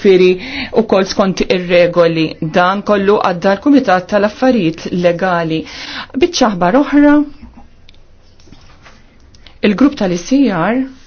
ġifiri u kol skont ir-regoli. Dan kollu għadda l-Kumitat tal-Affarijiet Legali. Bitċaħbar oħra, il-grupp tal-ICR